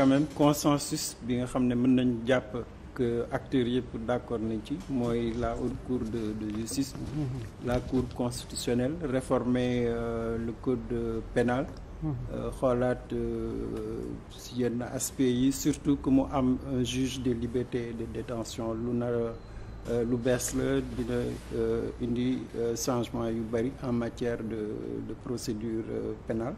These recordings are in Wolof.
quand même consensus bi nga xam ne mën nañu jàpp que acteurs yëpp d'accord nañ ci mooy la haute cour de de justice mm-hmm. la cour constitutionnelle réformer euh, le code pénal mm-hmm. euh, xoolaat euh, si yenn aspects yi surtout que mu am un juge de liberté de détention lu nar euh, lu bees la dina indi changement yu bari en matière de de procédure pénale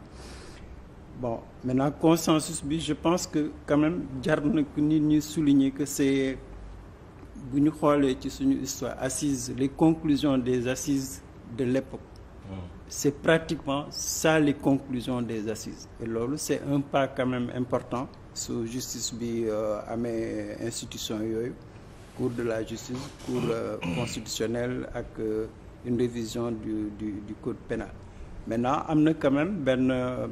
bon maintenant consensus bi je pense que quand même jar na nit ñi souligner que c'est bu ñu xoolee ci suñu histoire assise les conclusions des assises de l'époque hmm. c'est pratiquement ça les conclusions des assises et loolu c'est un pas quand même important su justice bi euh, amee institution yooyu cour de la justice cour euh, constitutionnelle ak euh, une révision du du du code pénal maintenant am na quand benn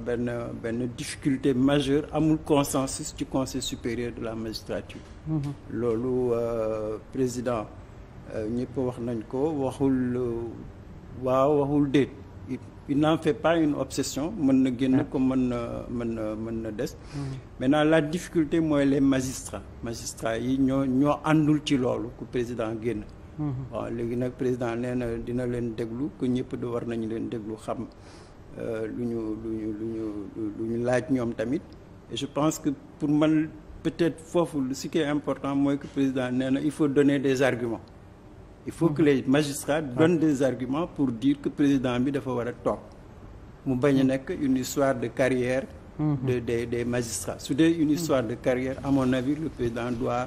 benn benn difficulté majeure amul consensus ci conseil supérieur de la magistrature mhm. loolu euh, président euh, ñëpp wax nañ ko waxul euh, waaw waxul déet il n'en fait pas une obsession mën na génn comme ah. mën na mën na mën na des mhm. nant la difficulté mooy les magistrats magistrats yi ñoo ñoo àndul ci loolu ku président génn Mm-hmm. waaw léegi nag président nee na dina leen déglu que ñëpp di war nañu leen déglu xam euh, lu ñu lu ñu lu ñu lu ñu laaj ñoom tamit je pense que pour man peut-être foofu lu qui est important mooy que président nee na il faut donner des arguments il faut que mm-hmm. les magistrats ah. donnent des arguments pour dire que président bi dafa war a toog mu bañ a mm-hmm. nekk une histoire de carrière de des des magistrats su dee une histoire de carrière amoon mon avis le président doit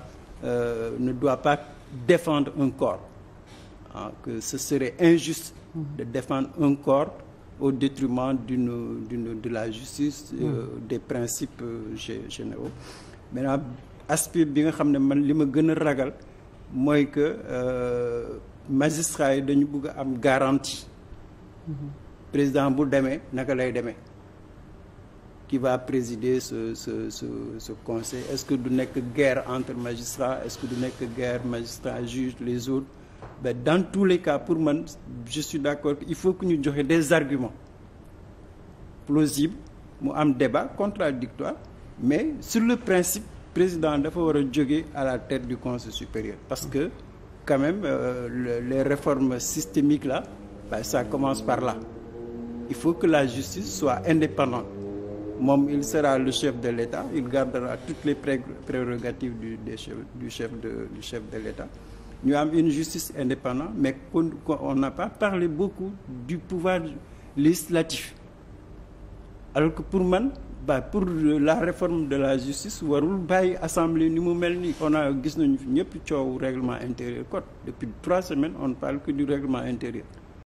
euh, défendre un corps ah que ce serait injuste de défendre un corps au détriment d'une d'une de la justice euh, hmm. des principes euh, généraux maintenant aspect bi nga xam ne man li ma gën a ragal mooy que euh, magistrats yi dañu bëgg a am garantie hmm. président bu demee naka lay demee qui va présider ce ce conseil est-ce que du nekk guerre entre magistrats est-ce que du nekk guerre magistrats juges les autres mais dans tous les cas pour man je suis d'accord il faut que ñu joxe des arguments plausibles mu am débat contradictoire mais sur le principe président dafa war a jóge à la tête du conseil supérieur parce que quand même euh, le, les réformes systémiques là ça commence par là il faut que la justice soit indépendante moom il sera le chef de l'État il gardera toutes les pré prérogatives du des chef de du chef de l'État ñu am une justice indépendante mais on n'a pas parlé beaucoup du pouvoir législatif alors que pour man ba pour la réforme de la justice warul bàyyi assemblée ni mu mel nii on a gis nañu ñëpp coow règlement intérieur code depuis trois semaines on ne parle que du règlement intérieur